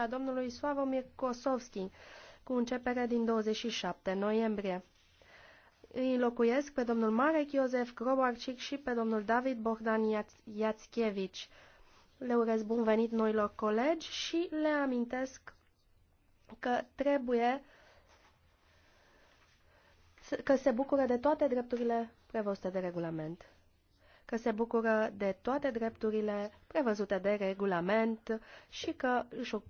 a domnului Slavomir Kosovski, cu începere din 27 noiembrie. Îi înlocuiesc pe domnul Marek Iosef Grobarcic și pe domnul David Bohdan Iațchevici. Le urez bun venit noilor colegi și le amintesc că trebuie că se bucură de toate drepturile prevăzute de regulament. Că se bucură de toate drepturile prevăzute de regulament și că își